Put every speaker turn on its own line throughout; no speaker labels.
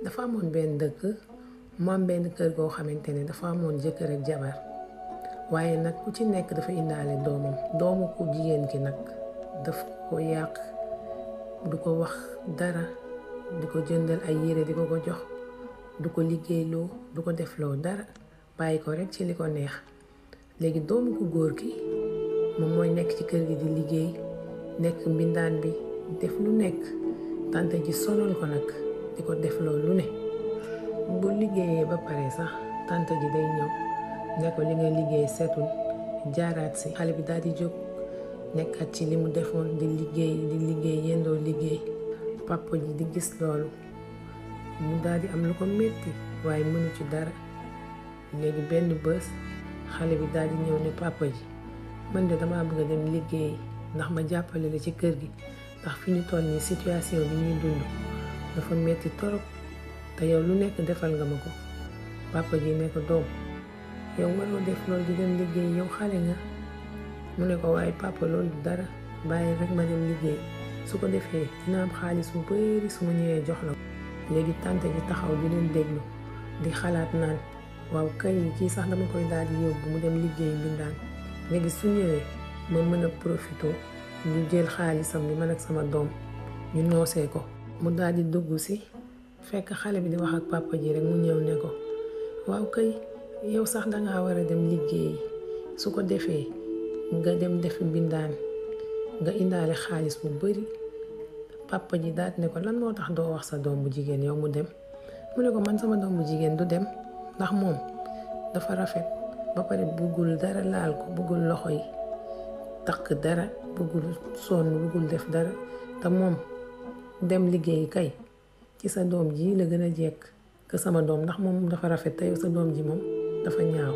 dafa amoon benn dëkk mu am benn kër goo xamante ne dafa amoon jëkkër ak jabar waaye nag ku ci nekk dafa indaale doomam doomu ku jigéen ki nag daf ko yàq du ko wax dara di ko jëndal ay yére di ko ko jox du ko liggéeyloo du ko defloo dara bàyyi ko rekk ci li ko neex léegi doomu ku góor ki moom mooy nekk ci kër gi di liggéey nekk mbindaan bi def lu nekk tante ji sonal ko nag di ko def loolu ne bu liggéeyee ba pare sax tànt ji day ñëw ne ko li nga liggéey seetul jaaraat si xale bi daal di jóg nekkat ci li mu defoon di liggéey di liggéey yendoo liggéey papa ji di gis loolu mu daldi am lu ko metti waaye mënu ci dara léegi benn bés xale bi daal di ñëw ne papa ji mën de dama bëgg a dem liggéey ndax ma jàppale la ci kër gi ndax fi ñu toll nii situation bi ñuy dund dafa metti torop te yow lu nekk defal nga ma ko papa ji ne ko doom yow waroo def loolu di dem liggéey yow xale nga mu ne ko waaye papa loolu dara bàyyi rek ma dem liggéey su ko defee dina am xaalis bu bari su ma ñëwee jox la ko léegi tante gi taxaw di leen déglu di xalaat naan waaw yi ci sax dama koy daal di yóbbu mu dem liggéey mbindaan léegi su ñëwee ma mën a profité ñu jël xaalisam bi man ak sama doom ñu noosee ko mu daal di dugg si fekk xale bi di wax ak papa ji rek mu ñëw ne ko waaw kay yow sax danga war a dem liggéeyi su ko defee nga dem defi mbindaan nga indaale xaalis bu bari papa ji daal ne ko lan moo tax doo wax sa doom bu jigéen yow mu dem mu ne ko man sama doom bu jigéen du dem ndax moom dafa rafet ba pare buggul dara laal ko buggul loxo yi takk dara bëggul sonn bëggul def dara te moom dem liggéey kay ci sa doom ji la gën a jekk que sama doom ndax moom dafa rafet te sa doom ji moom dafa ñaaw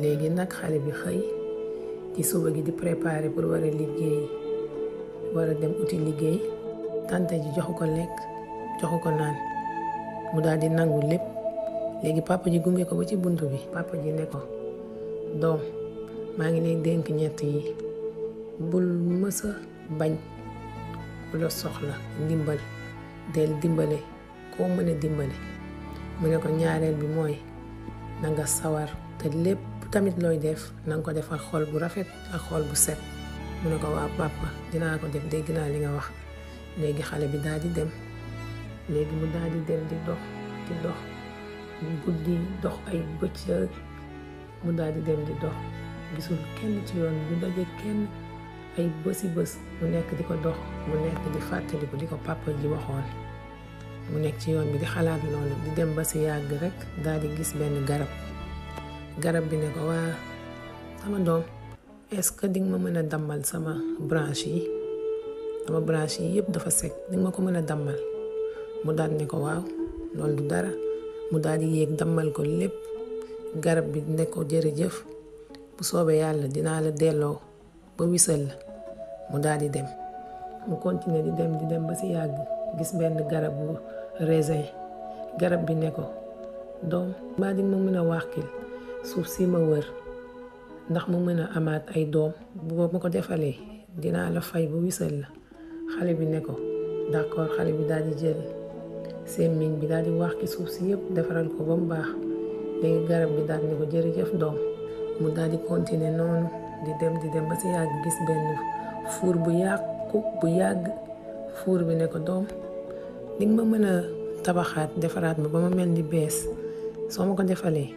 léegi nag xale bi xëy ci suba gi di préparer pour war liggéey war a dem uti liggéey tante ji joxu ko lekk joxu ko naan mu daal di nangu lépp léegi papa ji gunge ko ba ci bunt bi papa ji ne ko doom maa ngi ne dénk ñett yi bul mësa bañ ku la soxla ndimbal del dimbale koo mën a dimbale mu ne ko ñaareel bi mooy na sawar te lépp tamit looy def na nga ko defal xol bu rafet ak xol bu set mu ne ko waa papa dinaa ko def dégg naa li nga wax léegi xale bi daal di dem léegi mu daal di dem di dox di dox guddi dox ay bëccëg mu daal dem di dox gisul kenn ci yoon bu daje kenn ay bësi bës mu nekk di ko dox mu nekk di fàttaliku di ko papa ji waxoon mu nekk ci yoon bi di xalaat loolu di dem ba si yàgg rek daal di gis benn garab garab bi ne ko waa sama doom est-ce que di ma mën a dammal sama branche yi sama branche yi yëpp dafa sec di ma ko mën a dammal mu daal ko waaw loolu dara mu daal di yéeg ko lépp garab bi ne ko jërëjëf bu soobee yàlla dinaa la delloo ba wisal mu daal di dem mu continuer di dem di dem ba si yàgg gis benn garabu raisin garab bi ne ko doom mbaa di ma mën a wàqil suuf si ma wër ndax mu mën a amaat ay doom boo ma ko defalee dinaa la fay bu wisal la xale bi ne ko d'accord xale bi daal di jël semmiñ bi daal di wax ci suuf si yëpp defaral ko ba mu baax léegi garab bi daal ne ko jërëjëf doom mu daal di noonu di dem di dem ba si yàgg gis benn fuur bu yàqu bu yàgg fuur bi ne ko doom dinga ma mën a tabaxaat defaraat ma ba ma mel ni bees soo ma ko defalee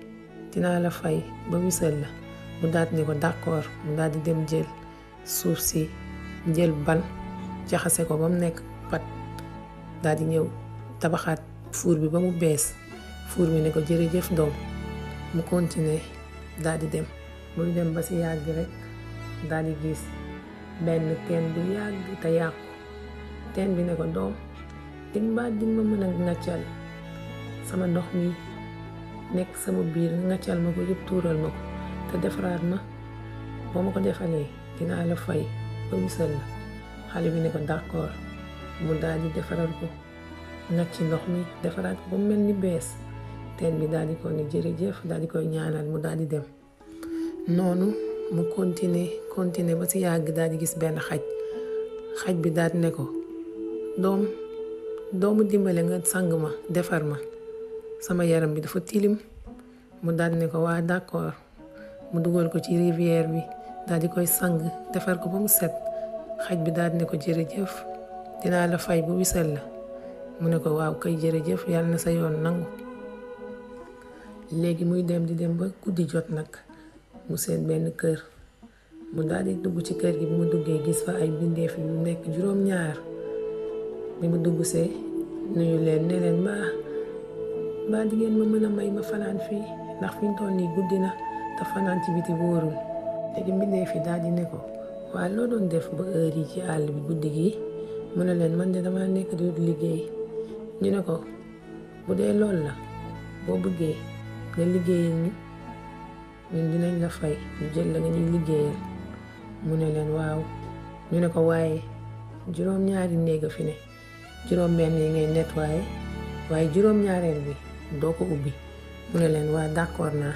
dinaa la fay ba wisal la mu daal ni ko d'accord mu daal di dem jël suuf si jël ban jaxase ko ba mu nekk pat daal di ñëw tabaxaat fuur bi ba mu bees fuur bi ne ko jëf doom mu continuer daal di dem muy dem ba si yàgg rek daal di gis benn teen bu yàgg te yàqu teen bi ne ko doom dig mbaa dig ma mën a ngaccal sama ndox mi nekk sama biir ngaccal ma ko yëpp tuural ma ko te defaraat ma boo ma ko defalee dinaa la fay ba misal la xale bi ne ko d'accord mu daal di defaral ko ngacc ndox mi defaraat ko ba mel ni bees teen bi daal di ko ne jërëjëf daal di koy ñaanal mu daal di dem noonu mu continuer continuer ba si yàgg daal di gis benn xaj xaj bi daal ne ko doom doomu dimbale nga sang ma defar ma sama yaram bi dafa tilim mu daal ne ko waa d'accord mu dugal ko ci rivière bi daal di koy sang defar ko ba mu set xaj bi daal ne ko jërëjëf dinaa la fay bu wisal la mu ne ko waaw kay jërëjëf yàlla na sa yoon nangu léegi muy dem di dem ba guddi jot nag mu seen benn kër mu daldi dugg ci kër gi bi mu duggee gis fa ay bindeef mu nekk juróom-ñaar bi mu dugg see nuyu leen ne leen ma ba di ngeen ma mën a may ma fanaan fii ndax fi ñu nii guddi na te fanaan ci biti wóorul léegi mbindeef yi daal di ne ko waaye loo doon def ba heure yi ci àll bi guddi gi mu ne leen man de dama nekk di liggéey ñu ne ko bu dee lool la boo buggee nga liggéeyal ñu ñun dinañ la fay ñu jël la nga ñuy liggéeyal mu ne leen waaw ñu ne ko waaye juróom-ñaari néeg a fi ne juróom-benn yi ngay nettoyé waaye juróom-ñaareel bi doo ko ubbi mu ne leen waa d'accord naa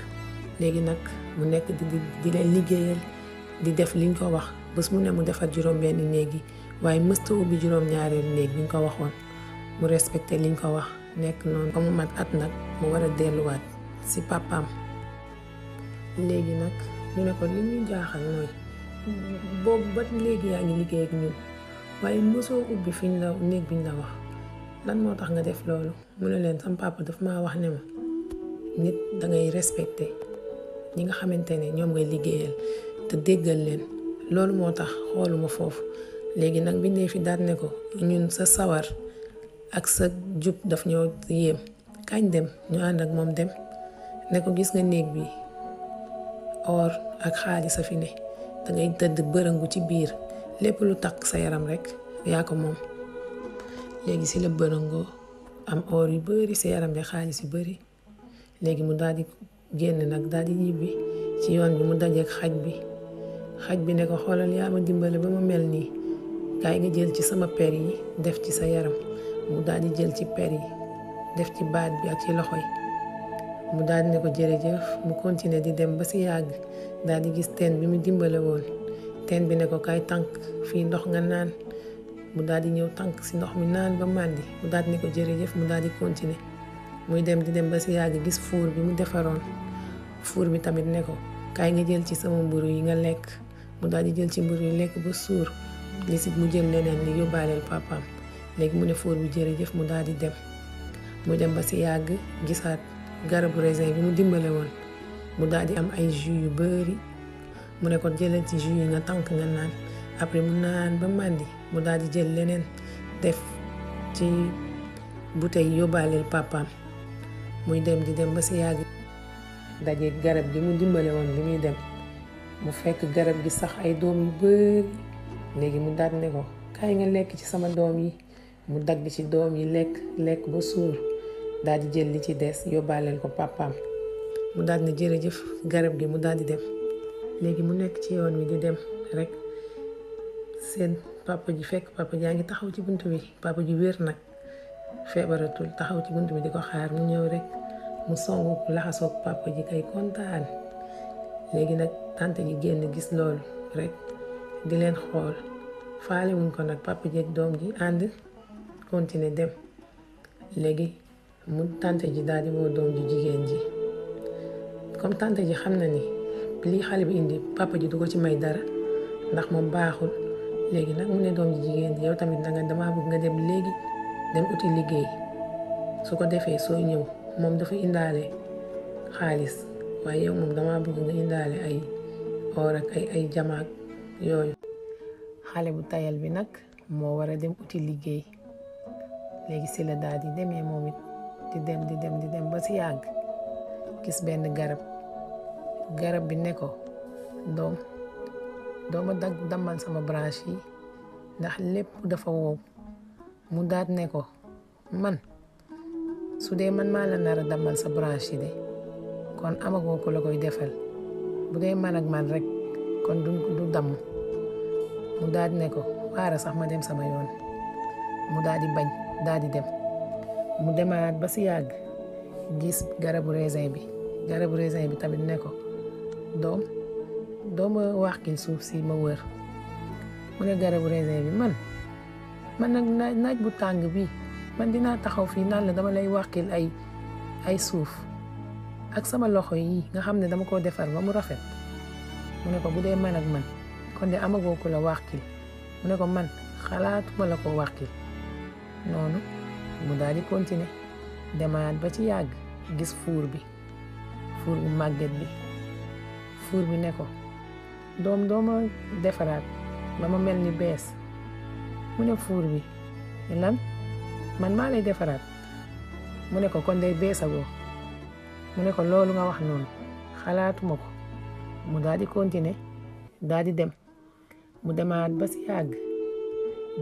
léegi nag mu nekk di di leen liggéeyal di def liñ ko wax bés mu ne mu defar juróom-benn néeg yi waaye mësta ubbi juróom-ñaareel néeg bi ko waxoon mu respecté liñ ko wax nekk noonu ba mu mat at nag mu war a delluwaat si papaam léegi nag ñu ne ko li ñu jaaxal mooy boobu ba léegi yaa ngi liggéey ak ñun waaye mosoo ubbi fi ñu la néeg bi ñu la wax lan moo tax nga def loolu mu ne leen sama papa daf maa wax ne ma nit dangay respecté ñi nga xamante ne ñoom ngay liggéeyal te déggal leen loolu moo tax xooluma foofu léegi nag bindee fi daat ne ko ñun sa sawar ak sa jub daf ñoo yéem kañ dem ñu ànd ak moom dem ne ko gis nga néeg bi oor ak xaalis a fi ne da ngay tëdd bërëngu ci biir lépp lu takk sa yaram rek yaa ko moom léegi si la bërëngoo am or yu bari sa yaram bi xaalis yu bari léegi mu daal di nag daal di ci yoon bi mu dajeek xaj bi xaj bi ne ko xoolal yaa ma dimbale ba mu mel nii kaay nga jël ci sama per yi def ci sa yaram mu daal jël ci per yi def ci baat bi ak ci loxo yi mu daal di ne ko jërëjëf mu continuer di dem ba si yàgg daal di gis teen bi mu dimbale woon teen bi ne ko kaay tànk fii ndox nga naan mu daal di ñëw tànk si ndox mi naan ba màndi mu daal di ne ko jërëjëf mu daal di continuer muy dem di dem ba si yàgg gis fuur bi mu defaroon fuur bi tamit ne ko kaay nga jël ci sama mburu yi nga lekk mu daal di jël ci mburu yi lekk ba suur li si mu jël leneen li léegi mu ne fuur bi jërëjëf mu daal di dem mu dem ba si yàgg gisaat garabu raisin bi mu dimbale woon mu daal di am ay jus yu bëri mu ne ko jëlal ci jus yi nga tànk nga naan après mu naan ba màndi mu daal di jël leneen def ci bouteille yóbbaaleel pàppam muy dem di dem ba si yàgg daje garab bi mu dimbale woon bi muy dem mu fekk garab gi sax ay doom yu bëri léegi mu daal ne ko kaay nga lekk ci sama doom yi mu dagg ci doom yi lekk lekk ba suur daal di jël li ci des yóbbaaleel ko papaam mu daal di ne jërëjëf garab gi mu daal di dem léegi mu nekk ci yoon wi di dem rek seen papa ji fekk papa jaa ngi taxaw ci bunt bi papa ji wér nag feebaratul taxaw ci bunt bi di ko xaar mu ñëw rek mu songu laxasoo papa ji kay kontaan léegi nag tante ji génn gis loolu rek di leen xool faale ko nag papa ji doom ji ànd continuer dem léegi mu tante ji daal di woo doom ji jigéen ji comme tante ji xam na ni lii xale bi indi papa ji du ko ci may dara ndax moom baaxul léegi nag mu ne doom ji jigéen ji yow tamit na nga damaa bëgg nga dem léegi dem uti liggéey su ko defee soo ñëw moom dafa indaale xaalis waaye yow moom damaa bëgg nga indaale ay or ak ay ay jamaak yooyu. xale bu tayal bi nag moo war a dem uti liggéey léegi si la daal di demee moom it di dem di dem di dem ba si yàgg gis benn garab garab bi ne ko doom dooma dag dammal sama branche yi ndax lépp dafa wow mu daat ne ko man su dee man maa la nar dammal sa branche yi de kon amagoo ko la koy defal bu dee man ak man rek kon du du damm mu daal ne ko waara sax ma dem sama yoon mu daal di bañ daal dem mu demaraat ba si yàgg gis garabu raisin bi garabu raisin bi tamit ne ko doom dooma wàqil suuf si ma wër mu ne garabu raisin bi man man nag naaj bu tàng bi man dinaa taxaw fii naan la dama lay wàqil ay ay suuf ak sama loxo yi nga xam ne dama koo defar ba mu rafet mu ne ko bu dee man ak man kon de amagoo ko wax wàqil mu ne ko man ma la wax wàqil noonu mu daal di continuer demaat ba ci yàgg gis fuur bi fuur bu màgget bi fuur bi ne ko doom dooma defaraat ba ma mel ni bees mu ne fuur bi lan man maa lay defaraat mu ne ko kon day beesagoo mu ne ko loolu nga wax noonu xalaatuma ko mu daal kontine continuer dem mu demaat ba ci yàgg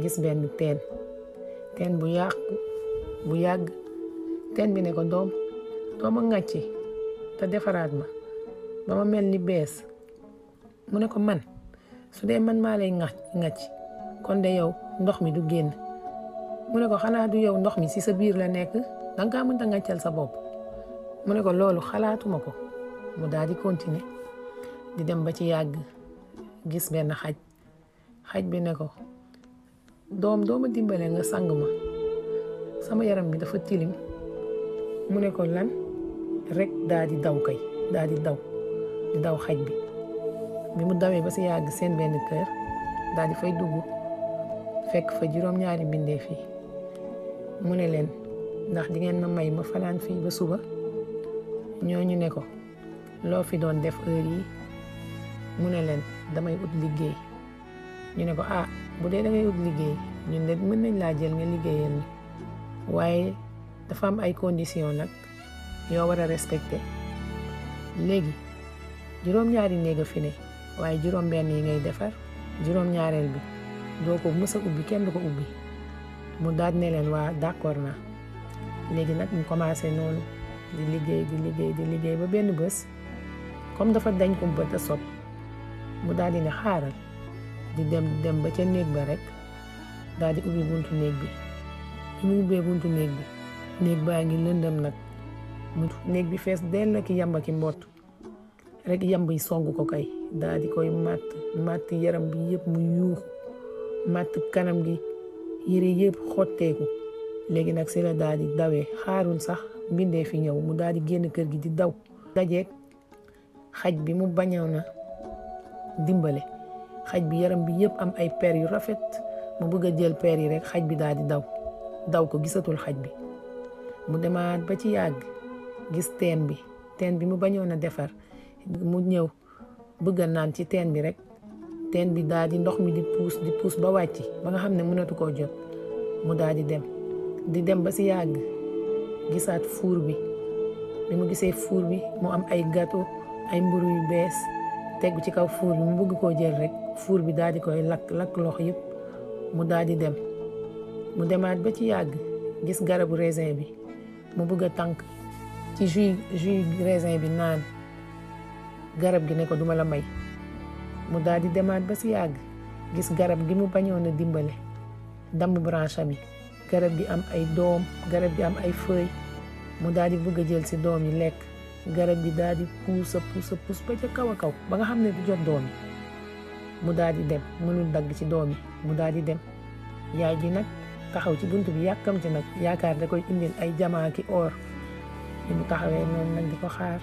gis benn teen teen bu yàqu bu yàgg teen bi ne ko doom doo ma ŋàcci te defaraat ma ba ma mel ni bees mu ne ko man su dee man maa lay ŋàcc kon de yow ndox mi du génn mu ne ko xanaa du yow ndox mi ci sa biir la nekk danga kaa mënta ŋàccal sa bopp mu ne ko loolu xalaatuma ko mu daal di continuer di dem ba ci yàgg gis benn xaj xaj bi ne ko doom dooma dimbale nga sama yaram bi dafa tilim mu ne ko lan rek daa di daw kay daa di daw di daw xaj bi bi mu dawee ba si yàgg seen benn kër daa di fay dugg fekk fa juróom-ñaari mbindeef yi mu ne leen ndax di ngeen ma may ba fanaan fii ba suba ñoo ñu ne ko loo fi doon def heure yi mu ne leen damay ut liggéey ñu ne ko ah bu dee dangay ut liggéey ñun de mën nañ laa jël nga liggéeyal ni waaye dafa am ay conditions nag yoo war a respecté léegi juróom-ñaari néeg a fi ne waaye juróom-benn yi ngay defar juróom-ñaareel bi doo ko mësa ubbi kenn du ko ubbi mu daal ne leen waa d'accord naa léegi nag mu commencé noonu di liggéey di liggéey liggéey ba benn bës comme dafa dañ ko bët a sob mu daldi ne xaaral di dem dem ba ca néeg ba rek daal di ubbi buntu néeg bi. bi mu ubbee buntu néeg bi néeg baa ngi lëndëm nag mu néeg bi fees dell ki yamba ki mbott rek yamb yi song ko kay daa di koy màtt màtt yaram bi yëpp mu yuuxu màtt kanam gi yére yëpp xotteeku léegi nag si la daa xaarul sax mbindee fi ñëw mu daa di génn kër gi di daw dajeeg xaj bi mu bañaw na dimbale xaj bi yaram bi yëpp am ay per yu rafet mu bëgg a jël per yi rek xaj bi daa di daw daw ko gisatul xaj bi mu demaat ba ci yàgg gis teen bi teen bi mu bañoon a defar mu ñëw bëgg a naan ci teen bi rek teen bi daal ndox mi di puus di puus ba wàcc ba nga xam ne mënatu koo jot mu daal dem di dem ba si yàgg gisaat fuur bi bi mu gisee fuur bi mu am ay gâteau ay mburu yu bees tegu ci kaw fuur bi mu bëgg koo jël rek fuur bi daal di koy lakk lakk loxo yépp mu daal dem mu demaat ba ci yàgg gis garabu raisin bi mu bëgg a tànk ci jus jus raisin bi naan garab gi ne ko duma la may mu daal demaat ba ci yàgg gis garab gi mu bañoon a dimbale damm branche am yi garab gi am ay doom garab gi am ay feuilles mu daal di bëgg a jël si doom yi lekk garab gi daal di puus a puus a puus ba ca kaw a kaw ba nga xam ne du jot doom mu daal di mu mënul dagg ci doom yi mu daal di dem yaay ji nag. taxaw ci bunt bi yàkkamti nag yaakaar da koy indi ay jamaa ki or mu taxawee noonu nag di ko xaar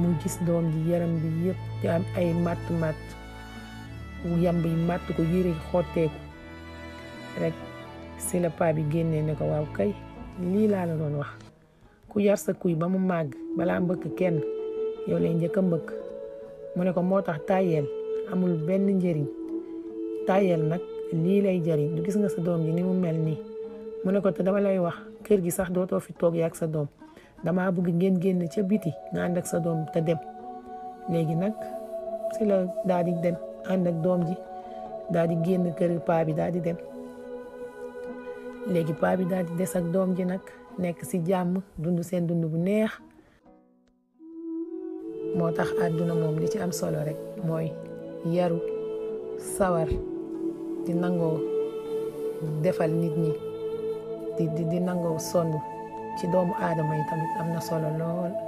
mu gis doom ji yaram bi yëpp di am ay matt matt yamb yi matt ko yére xotteeku rek si bi génnee ne ko waaw kay lii laa la doon wax ku yar sa kuy ba mu màgg balaa mbëkk kenn yow lay njëkk a mu ne ko moo tax tayel amul benn njëriñ tayel nag lii lay jariñ du gis nga sa doom ji ni mu mel nii mu ne ko te dama lay wax kër gi sax dootoo fi toog yaak sa doom damaa bëgg ngeen génn ca biti nga ànd ak sa doom te dem léegi nag si la dem ànd doom ji daal génn kër paa bi daal di dem léegi paa bi daal des ak doom ji nag nekk si jàmm dund seen dund bu neex moo tax àdduna moom li ci am solo rek mooy yaru sawar di nangoo defal nit ñi di di nangoo sonn ci doomu aadama yi tamit am na solo lool.